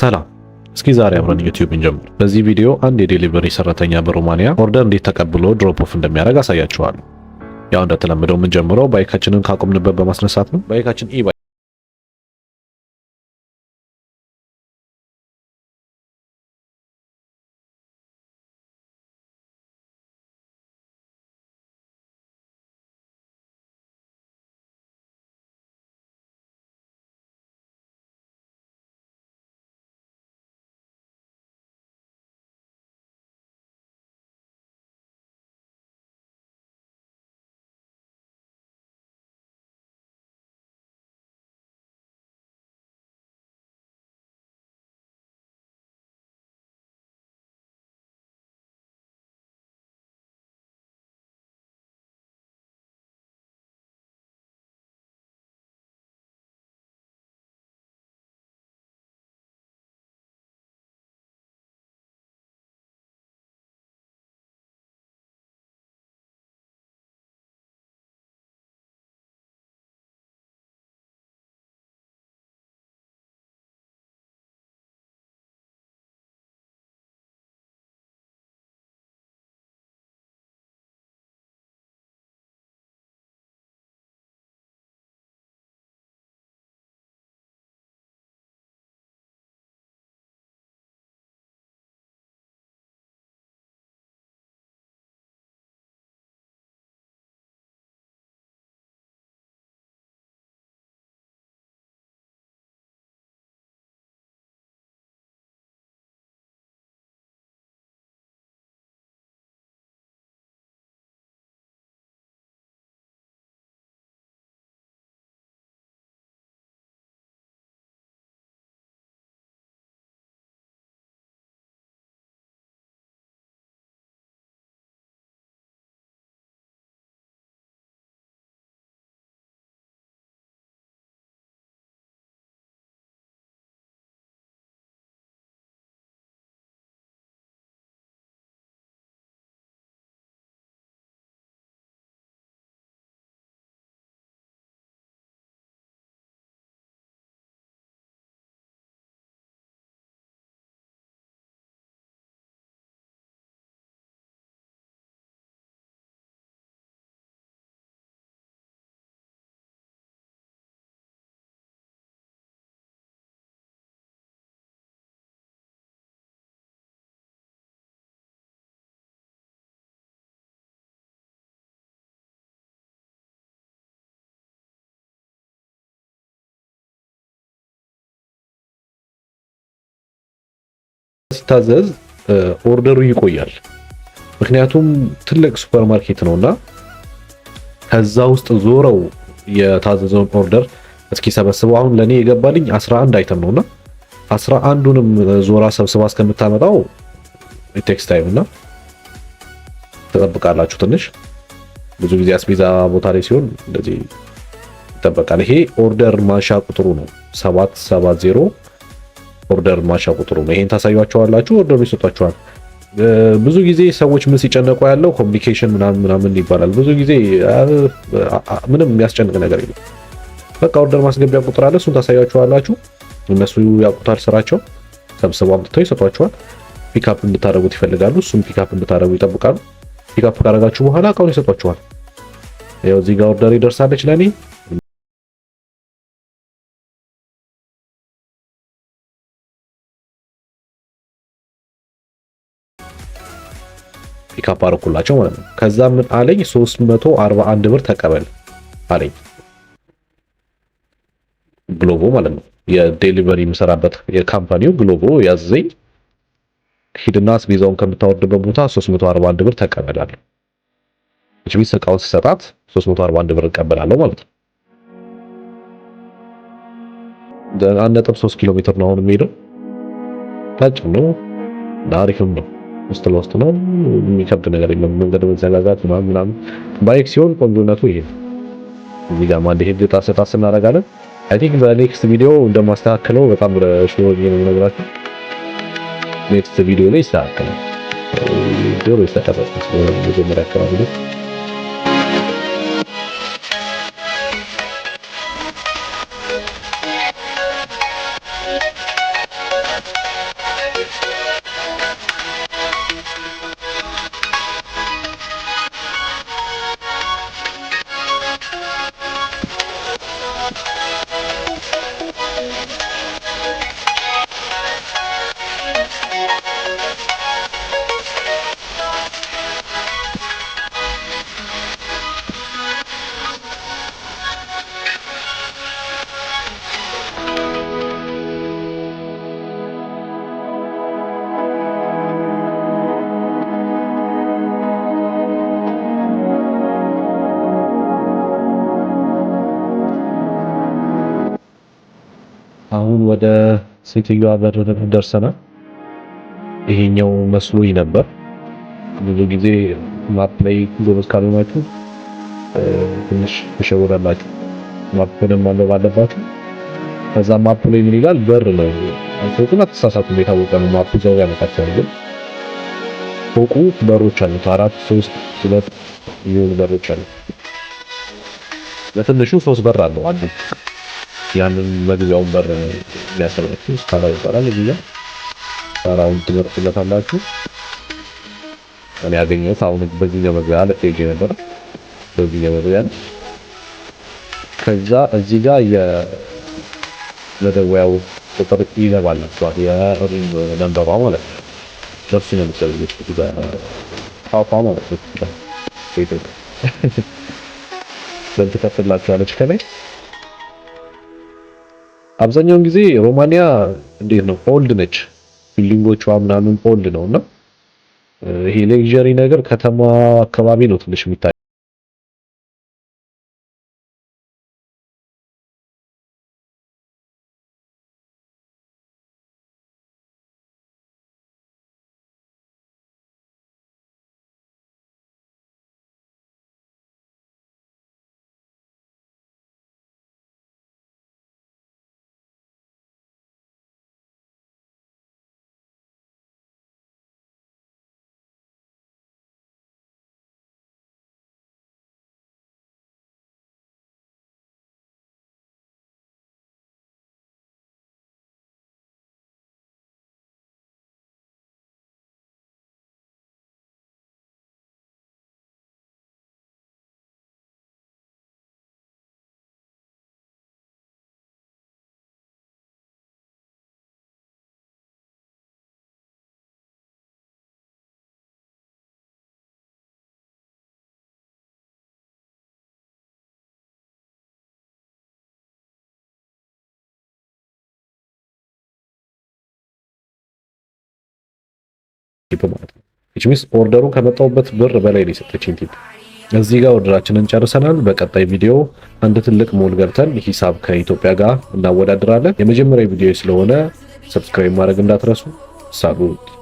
ሰላም እስኪ ዛሬ አብረን ዩቲዩብ እንጀምር። በዚህ ቪዲዮ አንድ የዴሊቨሪ ሰራተኛ በሮማንያ ኦርደር እንዴት ተቀብሎ ድሮፕ ኦፍ እንደሚያደርግ አሳያችኋለሁ። ያው እንደተለመደው የምንጀምረው ባይካችንን ካቆምንበት በማስነሳት ነው። ባይካችን ኢባ ብትታዘዝ ኦርደሩ ይቆያል። ምክንያቱም ትልቅ ሱፐር ማርኬት ነውና ከዛ ውስጥ ዞረው የታዘዘውን ኦርደር እስኪሰበስበው አሁን ለእኔ የገባልኝ 11 አይተም ነውና 11 አንዱንም ዞራ ሰብስባ እስከምታመጣው ቴክስ ታይም እና ትጠብቃላችሁ። ትንሽ ብዙ ጊዜ አስቤዛ ቦታ ላይ ሲሆን እንደዚህ ይጠበቃል። ይሄ ኦርደር ማንሻ ቁጥሩ ነው 770 ኦርደር ማሻ ቁጥሩ ነው። ይሄን ታሳያቸዋላችሁ፣ ኦርደሩ ይሰጧቸዋል። ብዙ ጊዜ ሰዎች ምን ሲጨነቁ ያለው ኮሚኒኬሽን ምናምን ምናምን ይባላል። ብዙ ጊዜ ምንም የሚያስጨንቅ ነገር የለም። በቃ ኦርደር ማስገቢያ ቁጥር አለ፣ እሱን ታሳያቸዋላችሁ። እነሱ ያውቁታል ስራቸው፣ ሰብስበው አምጥተው ይሰጧቸዋል። ፒካፕ እንድታደረጉት ይፈልጋሉ። እሱም ፒካፕ እንድታደረጉ ይጠብቃሉ። ፒካፕ ካደረጋችሁ በኋላ እቃውን ይሰጧቸዋል። ያው እዚህ ጋር ኦርደር ይደርሳለች ለእኔ ፒካፕ አረኩላቸው ማለት ነው። ከዛ ምን አለኝ 341 ብር ተቀበል አለኝ ግሎቦ ማለት ነው። የዴሊቨሪ የምሰራበት የካምፓኒው ግሎቦ ያዘኝ። ሂድና አስቤዛውን ከምታወርድበት ቦታ 341 ብር ተቀበላለሁ። እች ቢስ እቃውን ሲሰጣት 341 ብር እቀበላለሁ ማለት ነው። አንድ ነጥብ 3 ኪሎ ሜትር ነው አሁን የሚሄደው ታጭ ነው አሪፍም ነው። ውስጥ ለውስጥ ነው። የሚከብድ ነገር የለም። መንገድ መዘጋጋት ምናምን ባይክ ሲሆን ቆንጆነቱ ይሄ ነው። እዚህ ጋር ማንድ ሄድ ጣስ ጣስ እናደርጋለን። አይ ቲንክ በኔክስት ቪዲዮ እንደማስተካከለው በጣም ለሽሮ ነው የምነግራችሁ። ኔክስት ቪዲዮ ላይ ይስተካከላል። ዶሮ ይስተካከላል። መጀመሪያ አካባቢ ወደ ሴትዮዋ በር ደርሰናል። ይሄኛው መስሎኝ ነበር። ብዙ ጊዜ ማፕ ላይ ጎበዝ ካልሆናችሁ ትንሽ ትሸውራላችሁ። ማፕንም ደም ማንበብ አለባችሁ። ከዛ ማፕ ላይ ምን ይላል? በር ነው ፎቁን አትሳሳቱ፣ የታወቀ ነው። ማፕ ዘው ያመጣችኋል። ግን ፎቁ በሮች አሉት አራት፣ ሶስት፣ ሁለት ይሁን በሮች አሉት። በትንሹ ሶስት በር አለው አንዱ ያንን መግቢያውን በር የሚያሳያችሁ ስታራ ይባላል። እዚያ ስታራውን ትመርጡለታላችሁ። እኔ ያገኘሁት አሁን በዚህኛው መግቢያ ለጤጅ ነበረ። በዚህኛው መግቢያ ነው። ከዛ እዚህ ጋር የመደወያው ቁጥር ይገባላችኋል። የሪም ነንበሯ ማለት ነው። ነፍስ ነው የምትሰብሉት ፓፓ ማለት ነው። ቤት ስንት ከፍላችኋለች ከላይ አብዛኛውን ጊዜ ሮማኒያ እንዴት ነው ኦልድ ነች፣ ቢልዲንጎቿ ምናምን ኦልድ ነውና ይሄ ሌክዠሪ ነገር ከተማ አካባቢ ነው ትንሽ የሚታይ ቲፕ ማለት ነው። ዊች ሚንስ ኦርደሩ ከመጣውበት ብር በላይ ነው የሰጠችኝ ቲፕ። እዚህ ጋር ኦርደራችንን ጨርሰናል። በቀጣይ ቪዲዮ አንድ ትልቅ ሞል ገብተን ሂሳብ ከኢትዮጵያ ጋር እናወዳድራለን። የመጀመሪያ ቪዲዮ ስለሆነ ሰብስክራይብ ማድረግ እንዳትረሱ። ሳሉት